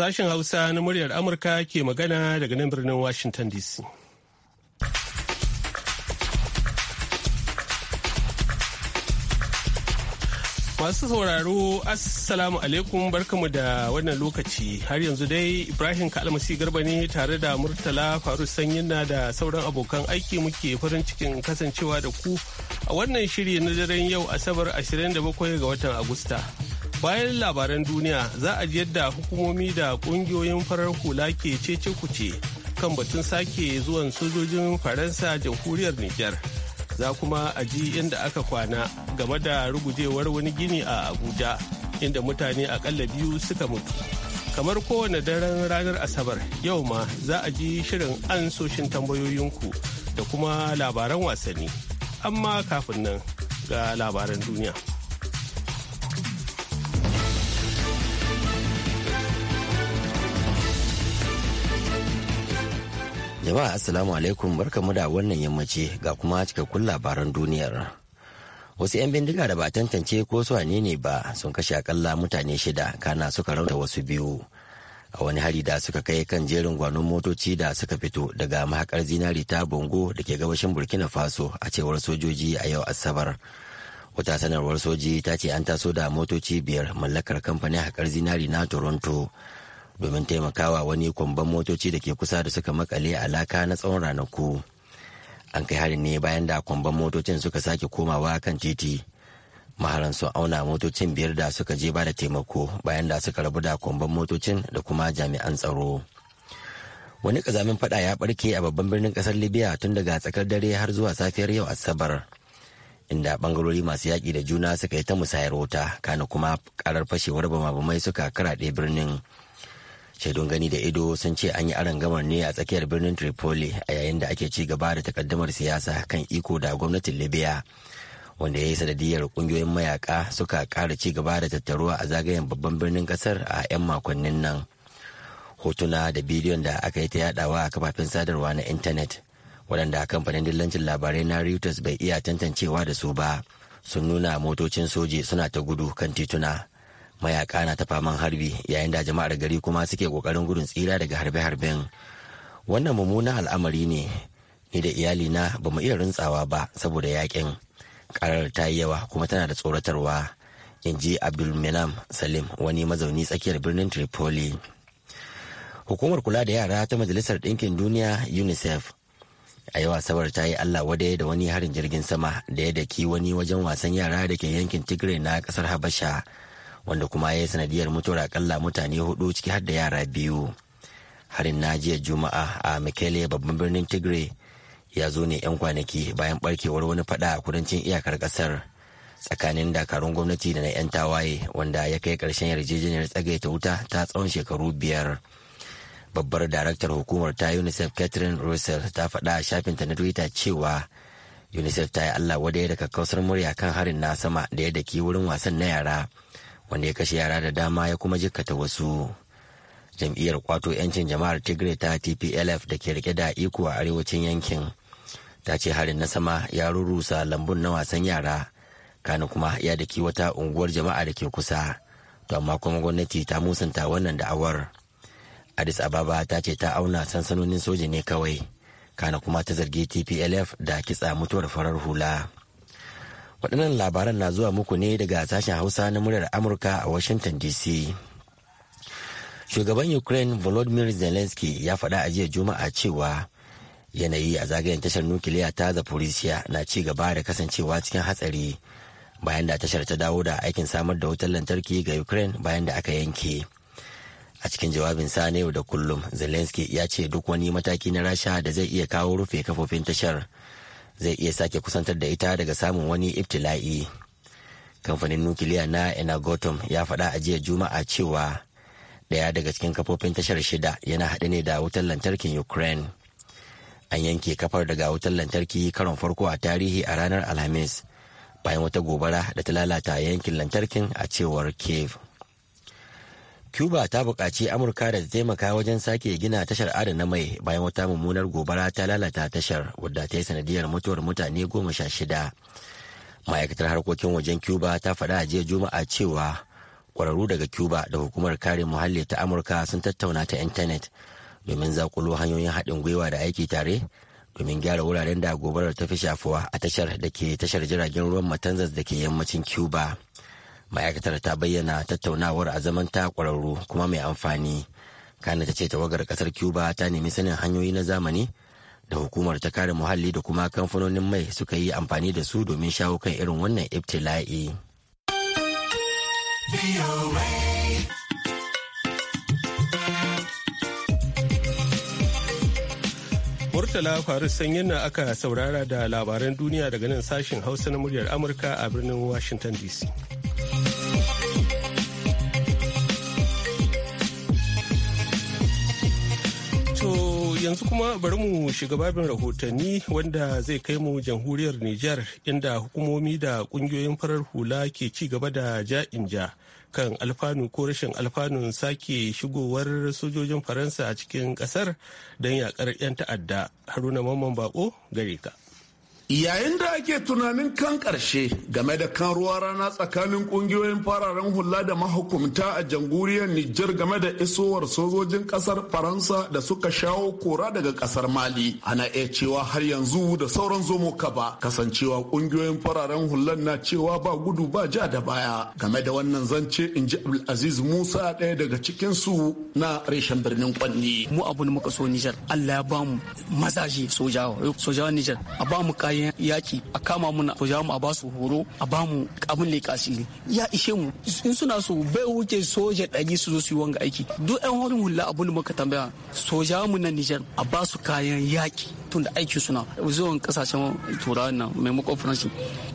Sashen Hausa na muryar Amurka ke magana daga nan birnin Washington DC. Masu sauraro, Assalamu alaikum barkamu da wannan lokaci. Har yanzu dai Ibrahim Kalmasi Garba ne tare da Murtala Faru Sanyina da sauran abokan aiki muke farin cikin kasancewa da ku a wannan shiri na daren yau Asabar 27 ga watan Agusta. bayan labaran duniya za a ji yadda hukumomi da kungiyoyin farar hula ke cece kuce kan batun sake zuwan sojojin faransa jamhuriyar niger za kuma a ji inda aka kwana game da rugujewar wani gini a abuja inda mutane akalla biyu suka mutu kamar kowane daren ranar asabar yau ma za a ji shirin an soshin tambayoyinku da kuma labaran wasanni amma kafin nan ga labaran duniya. Jama'a Assalamu alaikum barkamu da wannan yammaci ga kuma cikakkun labaran duniyar. Wasu 'yan bindiga da ba tantance ko su ne ba sun kashe akalla mutane shida kana suka rauta wasu biyu. A wani hari da suka kai kan jerin gwanon motoci da suka fito daga mahakar zinari ta Bongo da ke gabashin Burkina Faso a cewar sojoji a yau Asabar. Wata sanarwar soji ta ce an taso da motoci biyar mallakar kamfanin haƙar zinari na Toronto. domin taimakawa wani kwamban motoci da ke kusa da suka makale alaka na tsawon ranaku an kai harin ne bayan da kwamban motocin suka sake komawa kan titi maharan sun auna motocin biyar da suka je ba da taimako bayan da suka rabu da kwamban motocin da kuma jami'an tsaro wani kazamin fada ya barke a babban birnin kasar libya tun daga tsakar dare har zuwa safiyar yau asabar inda bangarori masu yaƙi da juna suka yi ta musayar wuta kana kuma karar fashewar bama-bamai suka karaɗe birnin shaidun gani da ido sun ce an yi gamar ne a tsakiyar birnin tripoli a yayin da ake ci gaba da takaddamar siyasa kan iko da gwamnatin libya wanda ya yi sanadiyar kungiyoyin mayaka suka kara ci gaba da tattaruwa a zagayen babban birnin kasar a 'yan makonnin nan hotuna da bidiyon da aka yi ta yadawa a kafafen sadarwa na intanet waɗanda kamfanin dillancin labarai na reuters bai iya tantancewa da su ba sun nuna motocin soji suna ta gudu kan tituna mayaka na ta faman harbi yayin da jama'ar gari kuma suke kokarin gudun tsira daga harbe-harben wannan mummunan al'amari ne ni da iyalina ba mu iya rintsawa ba saboda yakin karar ta yi yawa kuma tana da tsoratarwa in ji abdulmenam salim wani mazauni tsakiyar birnin tripoli hukumar kula da yara ta majalisar ɗinkin duniya unicef a yawa sabar ta yi allah wadai da wani harin jirgin sama da ya daki wani wajen wasan yara da ke yankin tigray na ƙasar habasha wanda kuma ya yi sanadiyar mutuwar akalla mutane hudu ciki har da yara biyu harin na jiya juma'a a mikele babban birnin tigray ya zo ne 'yan kwanaki bayan barkewar wani fada a kudancin iyakar kasar tsakanin dakarun gwamnati da na 'yan tawaye wanda ya kai karshen yarjejeniyar tsagaita wuta ta tsawon shekaru biyar babbar daraktar hukumar ta unicef catherine russell ta faɗa a shafinta na twitter cewa unicef ta yi allah wadai da kakkausar murya kan harin na sama da ya daki wurin wasan na yara wanda ya kashe yara da dama ya kuma jikkata wasu jam'iyyar kwato 'yancin jama'ar tigray ta tplf da ke rike da iko a arewacin yankin ta ce harin na sama ya rurrusa lambun na wasan yara kana kuma ya daki wata unguwar jama'a da ke kusa to amma kuma gwamnati ta musanta wannan da'awar addis ababa ta ce ta auna sansanonin soja ne kawai kana kuma ta zargi tplf da kitsa mutuwar farar hula waɗannan labaran na zuwa muku ne daga sashen hausa na muryar amurka a washington dc shugaban ukraine volodymyr zelensky ya faɗa a jiya juma'a cewa yanayi a zagayen tashar nukiliya ta zaporizhia na ci gaba da kasancewa cikin hatsari bayan da tashar ta dawo da aikin samar da wutar lantarki ga ukraine bayan da aka yanke a cikin jawabin sa na yau da kullum zelensky ya ce duk wani mataki na rasha da zai iya kawo rufe kafofin tashar zai iya sake kusantar da ita daga samun wani ibtila'i kamfanin nukiliya na enagotum ya faɗa a jiya juma'a cewa ɗaya daga cikin kafofin tashar shida yana haɗe ne da wutar lantarkin ukraine an yanke kafar daga wutar lantarki karon farko a tarihi a ranar alhamis bayan wata gobara da ta lalata yankin lantarkin a cewar cave cuba ta buƙaci amurka da taimaka wajen sake gina tashar adana mai bayan wata mummunar gobara ta lalata tashar wadda ta yi sanadiyar mutuwar mutane goma sha shida ma'aikatar harkokin wajen cuba ta faɗa a jiya juma'a cewa ƙwararru daga cuba da hukumar kare muhalli ta amurka sun tattauna ta intanet domin zakulo hanyoyin haɗin gwiwa da aiki tare domin gyara wuraren da gobarar ta fi shafuwa a tashar da ke tashar jiragen ruwan matanzas da ke yammacin cuba ma'aikatar ta bayyana tattaunawar a zaman ta kwararru kuma mai amfani kana ta ce tawagar kasar cuba ta nemi sanin hanyoyi na zamani da hukumar ta kare muhalli da kuma kamfanonin mai suka yi amfani da su domin shawo kan irin wannan ibtila'i. Murtala Faris sanyin na aka saurara da labaran duniya daga nan sashen Hausa na muryar Amurka a birnin Washington DC. yanzu kuma bari mu shiga babin rahotanni wanda zai kai mu jamhuriyar Nijar inda hukumomi da kungiyoyin farar hula ke ci gaba da ja'inja kan alfanu ko rashin alfanun sake shigowar sojojin Faransa a cikin kasar don yakar 'yan ta'adda Haruna Mamman Bako gare ka. Yayin da ake tunanin kan ƙarshe game da kan ruwa rana tsakanin ƙungiyoyin fararen hula da mahukumta a jamhuriyar Nijar game da isowar sojojin kasar Faransa da suka shawo kora daga kasar Mali. Ana iya cewa har yanzu da sauran zomo ka ba kasancewa ƙungiyoyin fararen hular na cewa ba gudu ba ja da baya. Game da wannan zance in ji Abdulaziz Musa daya daga cikin su na reshen birnin Kwanni. Mu abu muka so Nijar Allah ya bamu mazaje sojawa sojawa Nijar a bamu kayi wajen yaki a kama muna ko mu a ba su horo a ba mu abin leƙa asiri ya ishe mu in suna so bai wuce soja ɗari su zo su yi wanga aiki duk yan horin hula abin da muka tambaya soja mu na Nijar a ba su kayan yaki tun da aiki suna zuwan kasashen turawa na maimakon faranshi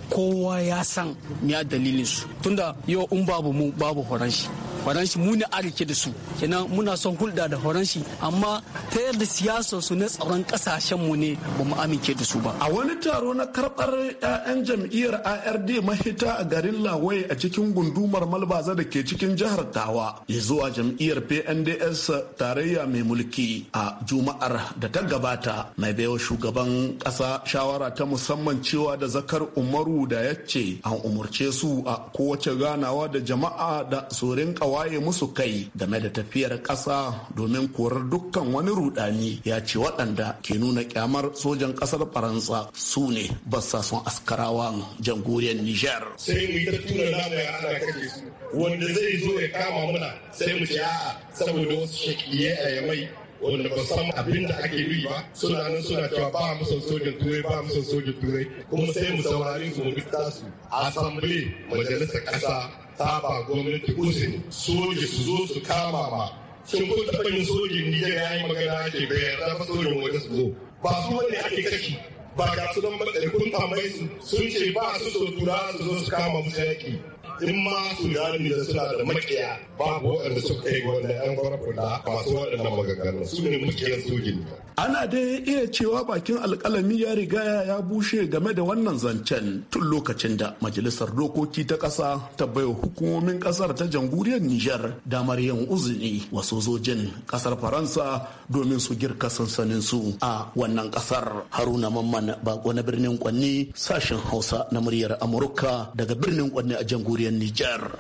kowa ya san ya dalilin su tunda yau in babu mu babu faranshi horanshi mu ne arike da su kenan muna son hulɗa da faranshi amma ta yadda siyasar su na tsaron kasashen mu ne ba mu amince da su ba a wani taro na karɓar 'ya'yan jam'iyyar ard mahita a garin lawaye a cikin gundumar malbaza da ke cikin jihar tawa ya a jam'iyyar pnds tarayya mai mulki a juma'ar da ta gabata mai baiwa shugaban ƙasa shawara ta musamman cewa da zakar umaru da ya ce an umarce su a kowace ganawa da jama'a da sorin kawa. waye musu kai game da tafiyar ƙasa domin korar dukkan wani rudani ya ce waɗanda ke nuna kyamar sojan ƙasar faransa su ne basa son askarawan jamhuriyar niger sai mu yi ta tura nama ya ana kake su wanda zai zo ya kama muna sai mu ce a'a saboda wasu shakiye a yamai wanda ba san abin da ake yi ba suna nan suna cewa ba mu son sojan turai ba mu son sojan turai kuma sai mu saurari su mu bi tasu assembly majalisar kasa ta ba gwamnati uzuri soji su zo su kama ma shin kun taɓa yin sojin nijar ya yi magana ake bayar da sojin wata su zo ba su wani ake kashi ba ga su don matsayi kun tambayi su sun ce ba su so tura su zo su kama musu yaƙi in ma sudani da suna da makiya babu waɗanda suka kai wanda yan farfula masu waɗannan maganganu su ne makiyan sojin ana dai iya cewa bakin alƙalami ya riga ya bushe game da wannan zancen tun lokacin da majalisar dokoki ta ƙasa ta baiwa hukumomin ƙasar ta jamhuriyar nijar damar yin uzini wasu sojojin ƙasar faransa domin su girka sansanin su a wannan ƙasar haruna mamman bako na birnin kwanni sashen hausa na muryar amurka daga birnin kwanni a jamhuriyar jamhuriyar Nijar.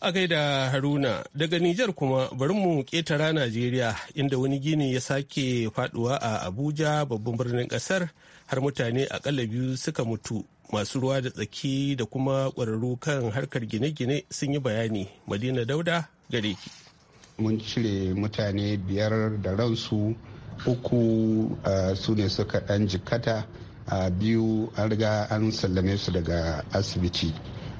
A gaida Haruna daga Nijar kuma bari mu ƙetara Najeriya inda wani gini ya sake faduwa a Abuja babban birnin ƙasar har mutane akalla biyu suka mutu masu ruwa da tsaki da kuma ƙwararru kan harkar gine-gine sun yi bayani. Madina Dauda gare ki. Mun cire mutane biyar da ransu uku su ne suka ɗan jikata a biyu an riga an sallame su daga asibiti.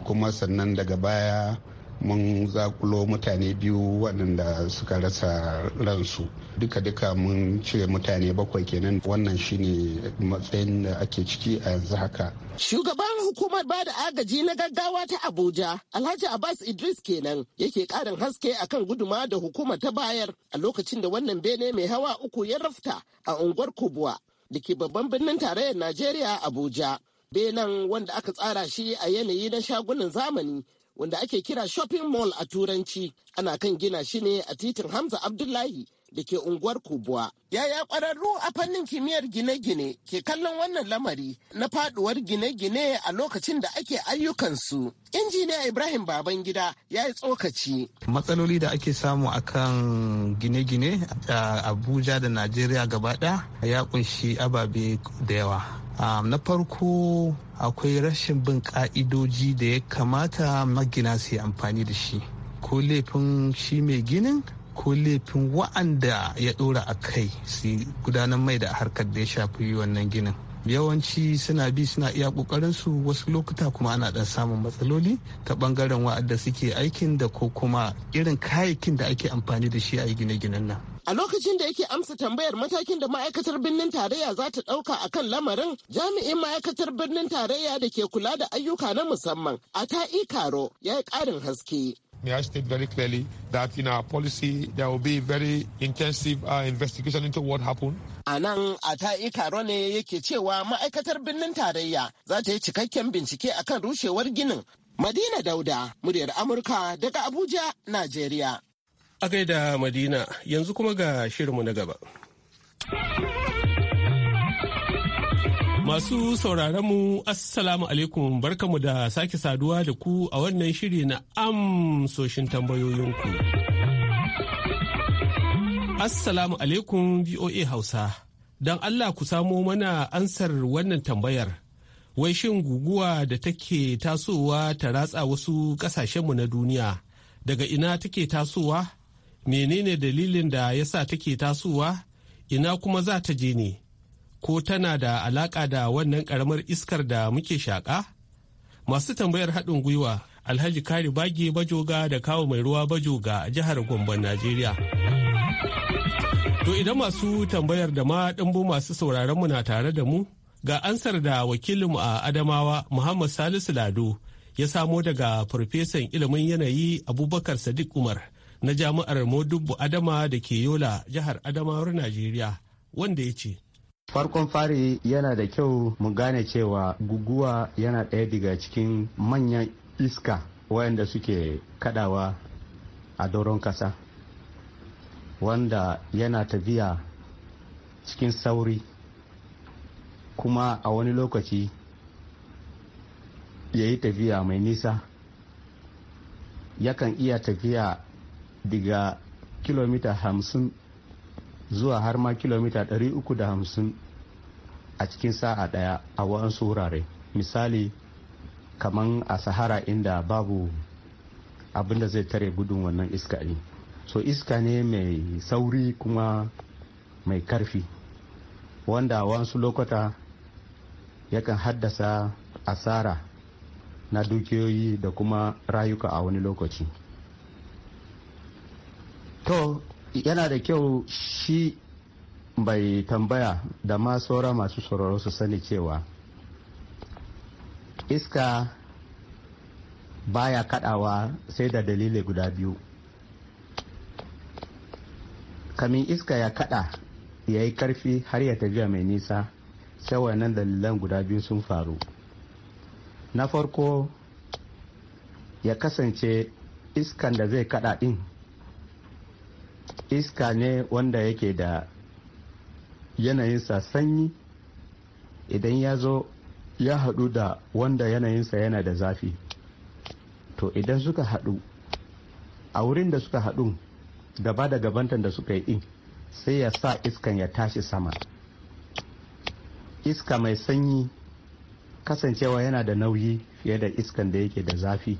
kuma sannan daga baya mun zakulo mutane biyu waɗanda suka rasa ransu duka-duka mun cire mutane bakwai kenan wannan shine matsayin da ake ciki a yanzu haka shugaban hukumar bada agaji na gaggawa ta abuja alhaji abbas idris kenan yake karin haske akan guduma da hukumar ta bayar a lokacin da wannan bene mai hawa uku ya rafta a unguwar kubwa da ke babban birnin tarayyar najeriya abuja Benen wanda aka tsara shi a yanayi na shagunan zamani wanda ake kira shopping mall a turanci ana kan gina shi ne a titin Hamza Abdullahi da ke unguwar Kubuwa. Yaya kwararru a fannin kimiyyar gine-gine ke kallon wannan lamari na faduwar gine-gine a lokacin da ake ayyukansu. Injiniya Ibrahim Babangida ya yi tsokaci. Matsaloli da ake samu a kan gine-gine a Abuja da Najeriya gaba ɗaya ya kunshi ababe da yawa. na farko akwai rashin bin ka'idoji da ya kamata magina su yi amfani da shi ko laifin shi mai ginin ko laifin wa'anda ya dora a kai su gudanar mai da harkar da ya shafi wannan ginin yawanci suna bi suna iya su wasu lokuta kuma ana dan samun matsaloli ta bangaren wa'anda suke aikin da ko kuma irin kayayyakin da ake amfani da shi a gine-ginen nan A lokacin da yake amsa tambayar matakin da ma'aikatar birnin tarayya za ta ɗauka a kan lamarin, jami'in ma'aikatar birnin tarayya da ke kula da ayyuka na musamman, a ta karo ya yi ƙarin haske. may I state very clearly A nan a ta'i karo ne yake cewa ma'aikatar birnin tarayya za ta yi cikakken bincike akan rushewar ginin. Madina Dauda, muryar Amurka daga Abuja, Najeriya. A gaida Madina yanzu kuma ga shirinmu na gaba. Masu sauraronmu Assalamu alaikum barkamu da sake saduwa da ku a wannan shiri na amsoshin tambayoyinku. Assalamu alaikum VOA Hausa, don Allah ku samo mana ansar wannan tambayar. Wai shin guguwa da take tasowa ta ratsa wasu ƙasashenmu na duniya, daga ina take tasowa? menene dalilin da ya sa take tasowa ina kuma za ta je ne ko tana da alaƙa da wannan ƙaramar iskar da muke shaƙa masu tambayar haɗin gwiwa alhaji kari bage bajoga da kawo mai ruwa bajoga a jihar Gombo najeriya to idan masu tambayar da ma ɗimbo masu sauraron mu na tare da mu ga ansar da wakilinmu a adamawa muhammad salisu lado ya samo daga farfesan ilimin yanayi abubakar sadiq umar na jami'ar Modubbu Adama da ke Yola jihar Adamawar Najeriya wanda ya ce Farkon fari yana da kyau mu gane cewa guguwa yana ɗaya daga cikin manyan iska wayanda suke kadawa a doron kasa wanda yana tafiya cikin sauri kuma a wani lokaci ya yi tafiya mai nisa yakan iya tafiya daga kilomita hamsin zuwa har ma kilomita 350 a cikin sa'a daya a wa'ansu wurare misali kamar a sahara inda babu abinda zai tare gudun wannan iska ne so iska ne mai sauri kuma mai karfi wanda wasu lokuta yakan haddasa asara na dukiyoyi da kuma rayuka a wani lokaci to yana da kyau shi bai tambaya da ma saura masu sauraro su sani cewa iska baya kadawa sai da dalilai guda biyu kamin iska ya kada ya yi karfi har ya tafiya mai nisa sai wannan dalilan guda biyu sun faru na farko ya kasance iskan da zai kada din iska ne wanda yake da yanayinsa sanyi idan ya zo ya haɗu da wanda yanayinsa yana da zafi to idan suka haɗu a wurin da suka haɗu gaba da gabantan da suka yi sai ya sa iskan ya tashi sama iska mai sanyi kasancewa yana da nauyi fiye da iskan da yake da zafi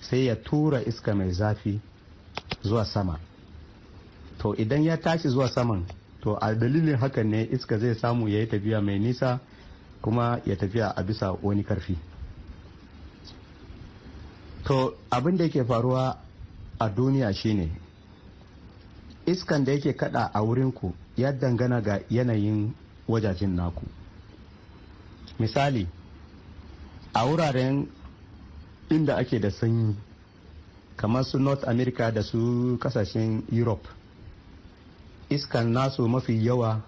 sai ya tura iska mai zafi zuwa sama to idan ya tashi zuwa saman to a dalilin hakan ne iska zai samu ya yi tafiya mai nisa kuma ya tafiya a bisa wani karfi to abin da yake faruwa a duniya shine iskan da yake kada a wurinku ya dangana ga yanayin wajajen naku misali a wuraren inda ake da sanyi kamar su north america da su kasashen europe iskan nasu mafi yawa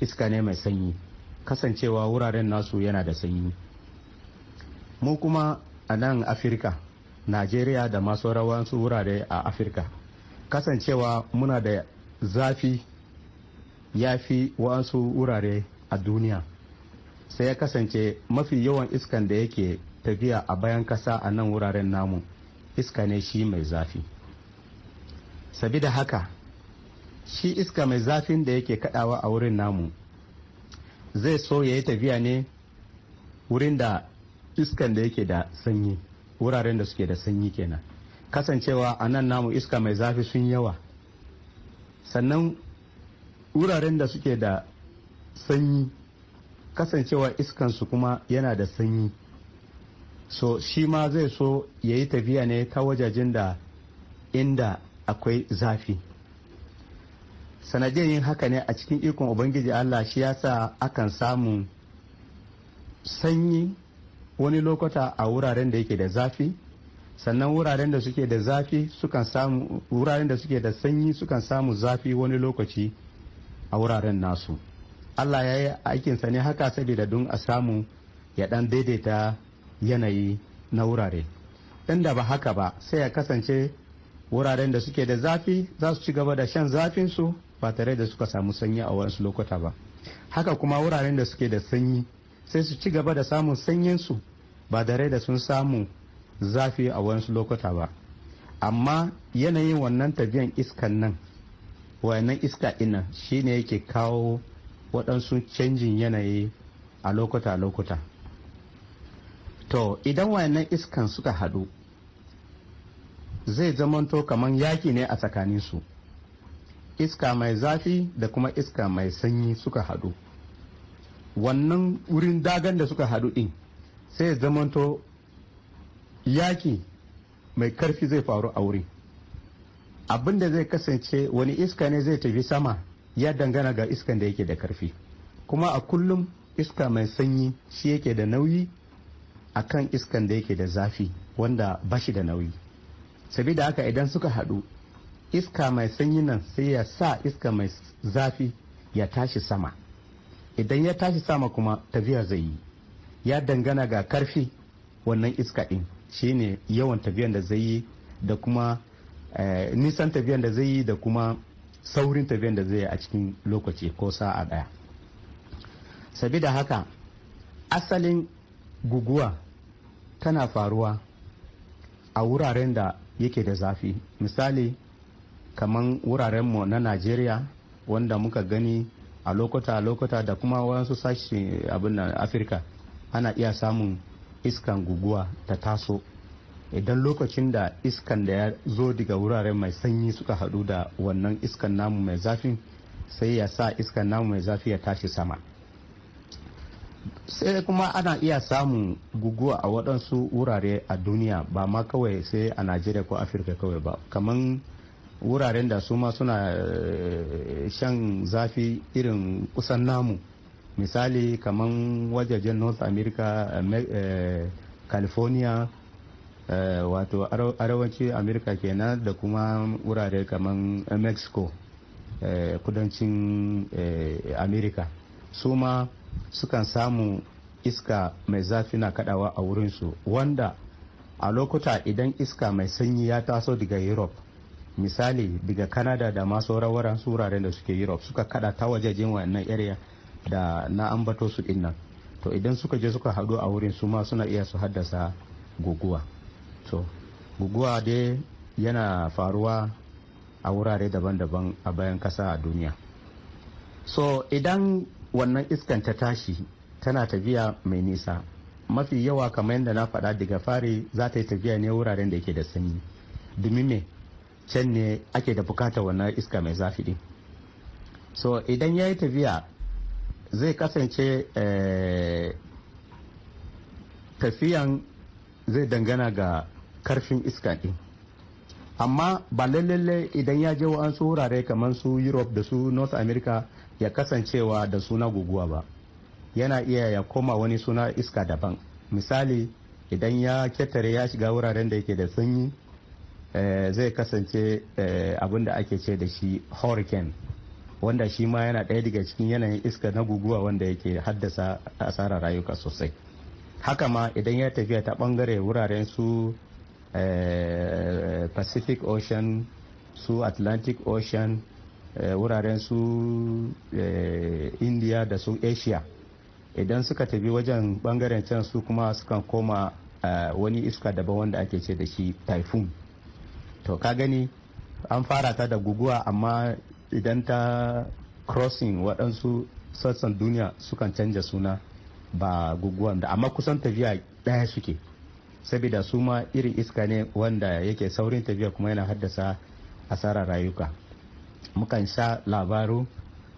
iska ne mai sanyi kasancewa wuraren nasu yana da sanyi mu kuma a nan afirka najeriya da masu rawansu wurare a afirka kasancewa muna da zafi ya fi wasu wurare a duniya sai ya kasance mafi yawan iskan da yake tafiya a bayan kasa a nan wuraren namu iska ne shi mai zafi sabida haka shi iska mai zafin da yake kadawa a wurin namu zai so ya yi tafiya ne wurin da iskan da yake da sanyi wuraren da suke da sanyi kenan kasancewa a nan namu iska mai zafi sun yawa sannan wuraren da suke da sanyi kasancewa su kuma yana da sanyi so shi ma zai so ya yi tafiya ne ta wajajen da inda akwai zafi sanadiyar yin haka ne a cikin ikon ubangiji allah shi ya yasa akan samu sanyi wani lokuta a wuraren da yake da zafi sannan wuraren da suke da zafi sukan samu wuraren da suke da sanyi sukan samu zafi wani lokaci a wuraren nasu allah ya yi aikinsa ne haka saboda don a samu ya dan daidaita yanayi na wurare inda ba haka ba sai ya kasance wuraren da suke da zafi za su ci gaba da shan zafinsu ba tare da suka samu sanyi a wasu lokuta ba haka kuma wuraren da suke da sanyi sai su ci gaba da samun sanyinsu ba tare da sun samu zafi a wasu lokuta ba amma yanayin wannan tafiyan iskan nan wannan iska ina shine yake kawo waɗansu canjin yanayi a lokuta-lokuta to idan wayannan iskan suka haɗu zai zamanto kamar yaki ne a tsakaninsu iska mai zafi da kuma iska mai sanyi suka hadu wannan wurin dagan da suka hadu ɗin sai zamanto yaki mai karfi zai faru a wuri. Abinda zai kasance wani iska ne zai tafi sama ya dangana ga iskan da yake da karfi kuma a kullum iska mai sanyi shi yake da nauyi a kan iskan da yake da zafi wanda bashi da nauyi sabida haka idan suka haɗu iska mai sanyi nan sai ya sa iska mai zafi ya tashi sama idan ya tashi sama kuma tafiya zai yi ya dangana ga karfi wannan iska ɗin shine yawan tafiyan da zai yi da kuma eh, nisan tafiyan da zai yi da kuma saurin tafiyan da zai yi a cikin lokaci ko sa'a ɗaya sabida haka asalin guguwa tana faruwa a wuraren da yake da zafi misali kamar mu na najeriya wanda muka gani a lokuta-lokuta da kuma wasu sashi abin afirka ana iya samun iskan guguwa ta taso idan lokacin da iskan da ya zo daga wuraren mai sanyi suka hadu da wannan iskan namu mai zafi sai ya sa iskan namu mai zafi ya tashi sama sai kuma ana iya samun guguwa a waɗansu wurare a duniya ba ma kawai sai a najeriya ko afirka kawai ba kamar wuraren da su ma suna eh, shan zafi irin kusan namu misali kamar wajajen north america eh, california eh, wato arewaci america kenan da kuma wurare kamar mexico kudancin america su ma sukan samu iska mai zafi na kadawa a wurinsu wanda a lokuta idan iska mai sanyi ya taso daga europe misali daga canada da ma sauran wuraren da suke europe suka kada ta wajajen wannan area da na ambato su dinnan to idan suka je suka hadu a wurin su ma suna iya su haddasa guguwa to guguwa dai yana faruwa a wurare daban-daban a bayan kasa a duniya so idan wannan iskan ta tashi tana tafiya mai nisa mafi yawa kamar yadda na faɗa daga fari za ta yi tafiya ne wuraren da yake da sanyi domin me can ne ake da bukata wannan iska mai zafi din so idan ya yi tafiya zai kasance eh, tafiyan zai dangana ga karfin iska din amma ba lalle idan ya je wa'ansu wurare kamar su europe da su north america ya kasancewa da suna guguwa ba yana iya ya koma wani suna iska daban misali idan ya ketare ya shiga wuraren da yake da sanyi Eh, zai kasance eh, abin da ake ce da shi hurricane wanda shi ma yana ɗaya daga cikin yanayin iska na guguwa wanda yake haddasa asarar rayuka sosai haka ma idan ya tafiya ta bangare wuraren su eh, pacific ocean su atlantic ocean wuraren su india da su asia idan suka tafi wajen bangaren can su kuma sukan koma wani iska daban wanda ake ce da shi typhoon to ka gani an fara ta da guguwa amma idan ta crossing waɗansu sassan duniya sukan canja suna ba guguwan da amma kusan tafiya ɗaya suke saboda su ma irin iska ne wanda yake saurin tafiya kuma yana haddasa asarar rayuka mukan sha labaru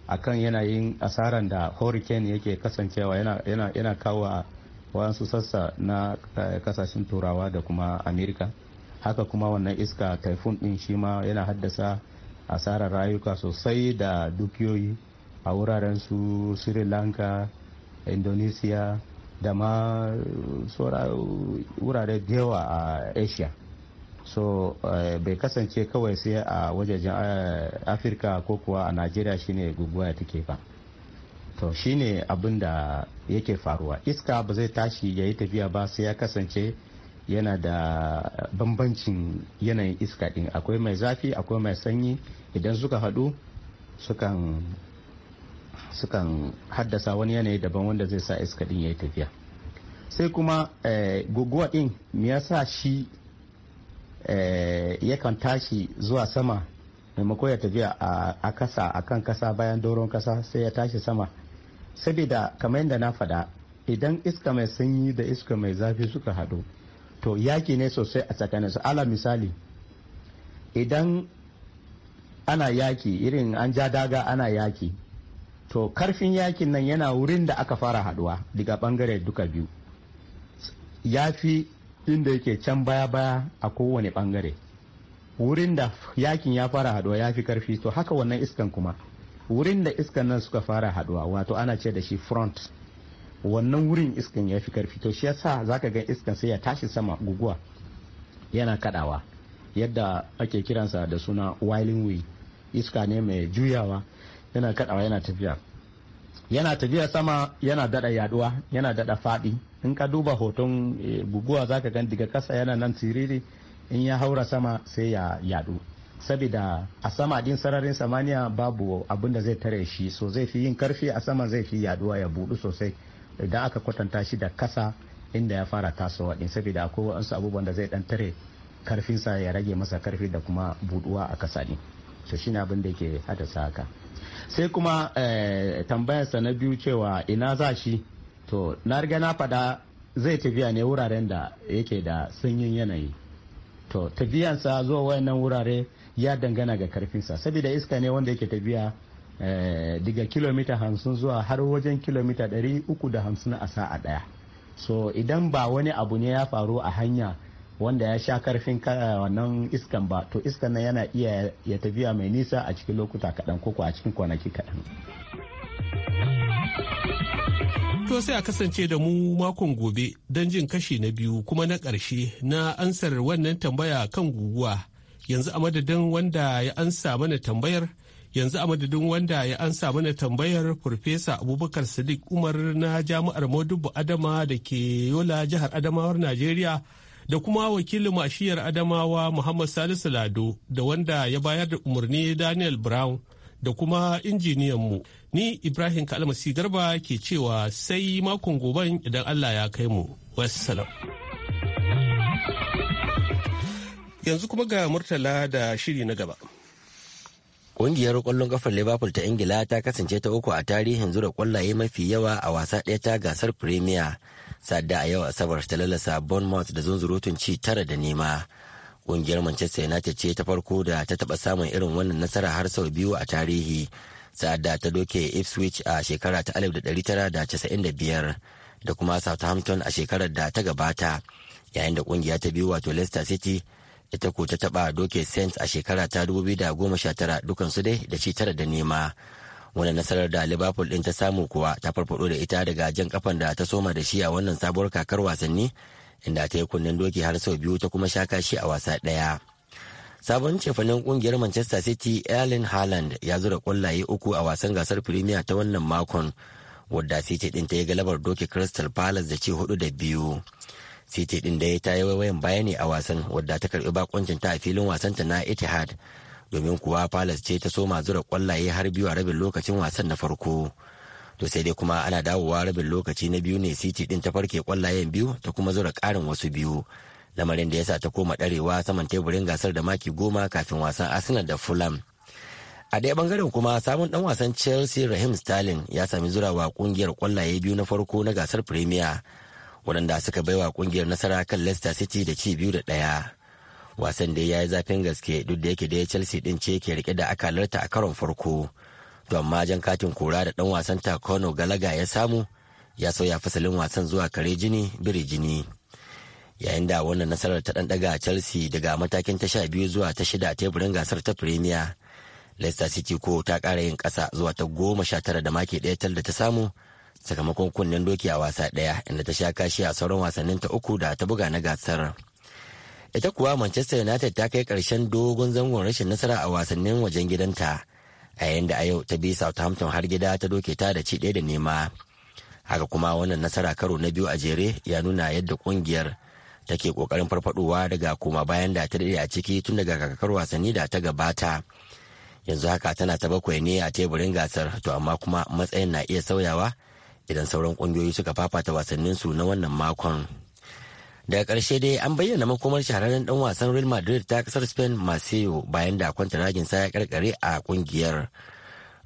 akan yanayin asaran da hurricane yake kasancewa yana, kawo a kawo wasu sassa na kasashen eh, turawa da kuma amerika haka kuma wannan iska typhoon din shi ma yana haddasa asarar rayuka sosai da dukiyoyi a wuraren su sri lanka indonesia da ma uh, uh, wurare da a asia so eh, bai kasance kawai sai a wajajen eh, afirka ko kuwa a najeriya shine guguwa take ba to shine abin da yake faruwa iska ba zai tashi ya yi tafiya ba sai ya kasance yana da bambancin yanayin iska din akwai mai zafi akwai mai sanyi idan suka haɗu sukan haddasa wani yanayi daban wanda zai sa iska din ya yi tafiya sai kuma eh, guguwa din me yasa shi ya eh, yakan tashi zuwa sama maimako ya tafiya a kasa a kan kasa bayan doron kasa sai ya tashi sama saboda kamar yadda na faɗa idan iska mai sanyi da iska mai zafi suka haɗu to yaki ne sosai a tsakaninsu ala misali idan ana yaki irin an ja daga ana yaki to karfin yakin nan yana wurin da aka fara haduwa daga bangare duka biyu ya fi inda yake can baya-baya a kowane bangare wurin da yakin ya fara haduwa ya fi karfi to haka wannan iskan kuma wurin da iskan nan suka fara haduwa wato ana ce da shi front wannan wurin iskan ya fi karfi to shi za ka ga iskan sai ya tashi sama guguwa yana kadawa yadda ake kiransa da suna wailing way iska ne mai juyawa yana kadawa yana tafiya yana tafiya sama yana dada yaduwa yana dada fadi in ka duba hoton eh, guguwa zaka gan daga kasa yana nan siriri in ya haura sama sai ya yadu saboda a sama din sararin samaniya babu abin da zai tare shi so zai fi yin karfi a sama zai fi yaduwa ya budu sosai idan aka kwatanta shi da kasa inda ya fara tasowa din saboda akwai wasu abubuwan da zai dan tare karfinsa ya rage masa karfi da kuma buɗuwa a kasa ne so shi abin da ke haddasa haka sai kuma eh, tambayarsa na biyu cewa ina za shi to na riga na fada zai tafiya ne wuraren da yake da sanyin yanayi to tafiyansa zuwa wayannan wurare ya dangana ga karfinsa saboda iska ne wanda yake tafiya Eh, daga kilomita hamsin zuwa har wajen kilomita ɗari uku da hamsin a sa'a ɗaya so idan ba wani abu ne ya faru a hanya wanda ya sha karfin eh, wannan iskan ba to iskan nan yana iya ya tafiya mai nisa a cikin lokuta kaɗan koko a cikin kwanaki kaɗan To sai a kasance da mu makon gobe don jin kashi na biyu kuma na ƙarshe na ansar wannan tambaya kan guguwa yanzu a madadin wanda ya ansa mana tambayar yanzu a madadin wanda ya ansa mana tambayar farfesa abubakar sadiq umar na jami'ar modubu adama da ke yola jihar adamawar najeriya da kuma wakilin mashiyar adamawa muhammad salisu lado da wanda ya bayar da umarni daniel brown da kuma mu ni ibrahim kalmasi garba ke cewa sai makon goben idan allah ya kai mu wassalam yanzu kuma ga murtala da shiri na gaba Ƙungiyar ƙwallon ƙafar Liverpool ta Ingila ta kasance ta uku a tarihin zura ƙwallaye mafi yawa a wasa ɗaya ta gasar Premier. Sadda a yau Asabar ta lalasa Bournemouth da zunzurutun ci tara da nema. Ƙungiyar Manchester United ce ta farko da ta taɓa samun irin wannan nasara har sau biyu a tarihi. Sadda ta doke Ipswich a shekara ta 1995 da kuma Southampton a shekarar da ta gabata. Yayin da ƙungiya ta biyu wato Leicester City ita ko ta taba doke saints a shekara ta 2019 dukansu dai da ci tara da nema wani nasarar da liverpool din ta samu kuwa ta farfado da ita daga jan kafan da ta soma da shi a wannan sabuwar kakar wasanni inda ta yi kunnen doki har sau biyu ta kuma sha kashi a wasa ɗaya. sabon cefanen kungiyar manchester city erling haaland ya zura kwallaye uku a wasan gasar premier ta wannan makon wadda city din ta yi galabar doki crystal palace da ce hudu da biyu city din da ya ta yi wayan baya ne a wasan wadda ta karbi bakuncin ta a filin wasan ta na Etihad domin kuwa Palace ce ta soma zura kwallaye har biyu a rabin lokacin wasan na farko to sai dai kuma ana dawowa rabin lokaci na biyu ne city din ta farke kwallayen biyu ta kuma zura karin wasu biyu lamarin da ya sa ta koma darewa saman teburin gasar da maki goma kafin wasan Arsenal da Fulham A ɗaya bangaren kuma sabon ɗan wasan Chelsea Raheem Sterling ya sami zurawa kungiyar kwallaye biyu na farko na gasar Premier waɗanda suka baiwa ƙungiyar nasara kan leicester city da ci biyu da ɗaya wasan da ya yi zafin gaske duk da yake da chelsea ɗin ce ke rike da akalarta a karon farko to amma jan katin kura da ɗan wasan takono galaga ya samu ya sauya fasalin wasan zuwa kare jini biri jini yayin da wannan nasarar ta ɗanɗaga chelsea daga matakin ta sha biyu zuwa ta shida a teburin gasar ta premier leicester city ko ta ƙara yin ƙasa zuwa ta goma sha tara da maki ɗaya tal da ta samu sakamakon kunnen doki a wasa ɗaya inda ta sha kashi a sauran wasannin ta uku da ta buga na gasar ita kuwa manchester united ta kai karshen dogon zangon rashin nasara a wasannin wajen gidanta a yayin da a yau ta bi southampton har gida ta doke ta da ci ɗaya da nema haka kuma wannan nasara karo na biyu a jere ya nuna yadda kungiyar take kokarin farfadowa daga koma bayan da ta daɗe a ciki tun daga kakakar wasanni da ta gabata yanzu haka tana ta bakwai ne a teburin gasar to amma kuma matsayin na iya sauyawa idan sauran kungiyoyi suka fafata wasannin su na wannan makon. Daga ƙarshe dai an bayyana makomar shahararren ɗan wasan Real Madrid ta ƙasar Spain Maceo bayan da kwanta ragin sa ya karkare a ƙungiyar.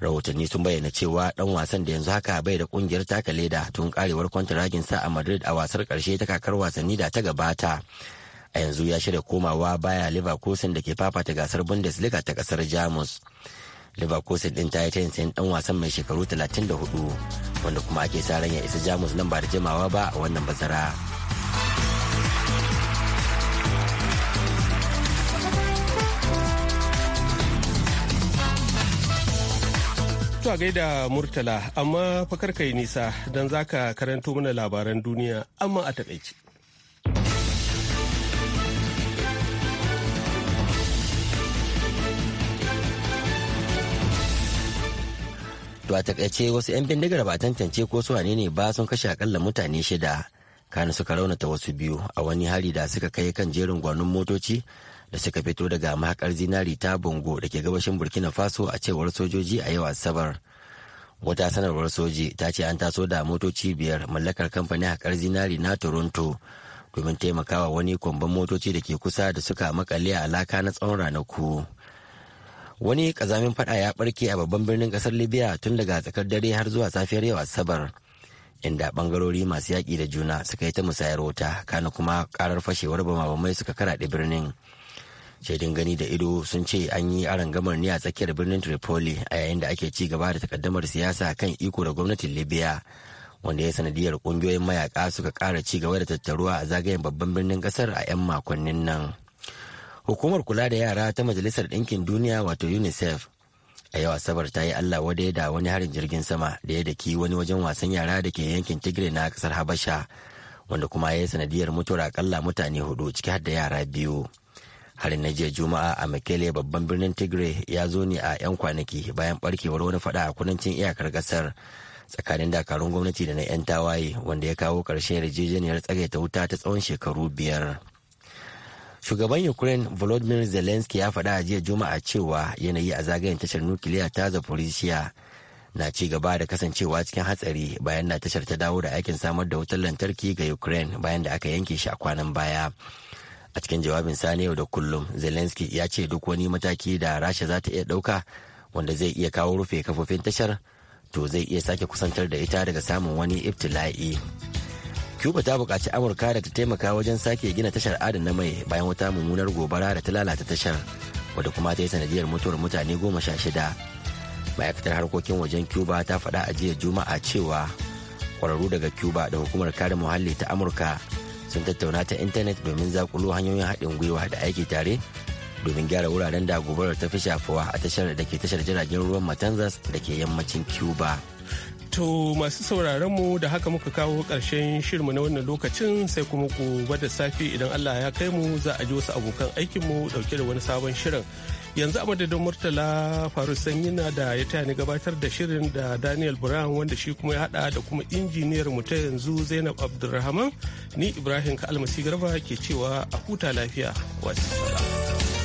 Rahotanni sun bayyana cewa ɗan wasan da yanzu haka bai da ƙungiyar taka leda tun karewar ragin sa a Madrid a wasar ƙarshe ta kakar wasanni da ta gabata. A yanzu ya shirya komawa baya Leverkusen da ke fafata gasar Bundesliga ta ƙasar Jamus. Leverkusen din ta yi tayin sayan dan wasan mai shekaru 34 wanda kuma ake sa ran ya isa Jamus nan ba da jimawa ba a wannan bazara. To gaida Murtala amma fakar kai nisa don zaka karanto mana labaran duniya amma a taɓaice. To a takaice wasu 'yan bindigar ba tantance ko su ne ba sun kashe akalla mutane shida. kan suka raunata wasu biyu a wani hari da suka kai kan jerin gwanon motoci da suka fito daga mahakar zinari ta Bongo da ke gabashin Burkina Faso a cewar sojoji a yau Asabar. Wata sanarwar soji ta ce an taso da motoci biyar mallakar kamfanin haƙar zinari na Toronto domin taimakawa wani kwamban motoci da ke kusa da suka makale alaka na tsawon ranaku. wani kazamin fada ya barke a babban birnin kasar libya tun daga tsakar dare har zuwa safiyar yau asabar inda bangarori masu yaƙi da juna suka yi ta musayar wuta kana kuma karar fashewar bamabamai suka karaɗe birnin shaidun gani da ido sun ce an yi gamar ne a tsakiyar birnin tripoli a yayin da ake ci gaba da takaddamar siyasa kan iko da gwamnatin libya wanda ya sanadiyar kungiyoyin mayaka suka kara ci gaba da tattaruwa a zagayen babban birnin ƙasar a 'yan makonnin nan hukumar kula da yara ta majalisar ɗinkin duniya wato unicef a yau asabar ta yi allah wadai da wani harin jirgin sama da ya daki wani wajen wasan yara da ke yankin tigray na kasar habasha wanda kuma ya yi sanadiyar mutuwar akalla mutane hudu ciki har da yara biyu harin na jiya juma'a a makele babban birnin tigray ya zo ne a 'yan kwanaki bayan barkewar wani fada a kudancin iyakar kasar tsakanin dakarun gwamnati da na 'yan tawaye wanda ya kawo ƙarshen yarjejeniyar tsagaita wuta ta tsawon shekaru biyar shugaban ukraine volodymyr zelensky ya faɗa jiya juma'a cewa yanayi a zagayen tashar nukiliya ta zaporizhia na ci gaba da kasancewa cikin hatsari bayan na tashar ta dawo da aikin samar da wutar lantarki ga ukraine bayan da aka yanke shi a kwanan baya a cikin jawabin sani yau da kullum zelensky ya ce duk wani mataki da rasha za ta iya ɗauka wanda zai iya kawo rufe kafofin tashar to zai iya sake kusantar da ita daga samun wani ibtila'i cuba ta buƙaci amurka da ta taimaka wajen sake gina tashar adana mai bayan wata mummunar gobara da ta lalata tashar wadda kuma ta yi sanadiyar mutuwar mutane goma sha shida ma'aikatar harkokin wajen cuba ta faɗa a jiya juma'a cewa kwararru daga cuba da hukumar kare muhalli ta amurka sun tattauna ta intanet domin zakulo hanyoyin haɗin gwiwa da aiki tare domin gyara wuraren da gobarar ta fi shafuwa a tashar da ke tashar jiragen ruwan matanzas da ke yammacin cuba To masu sauraron mu da haka muka kawo ƙarshen shirmu na wannan lokacin sai kuma gobe da safe idan Allah ya kai mu za a ji wasu abokan aikinmu ɗauke da wani sabon shirin. Yanzu a madadin Murtala Faru na da ya taya ni gabatar da shirin da Daniel Brown wanda shi kuma ya haɗa da kuma injiniyar mu ta yanzu Zainab Abdulrahman ni Ibrahim kalmasi Garba ke cewa a huta lafiya. Wasu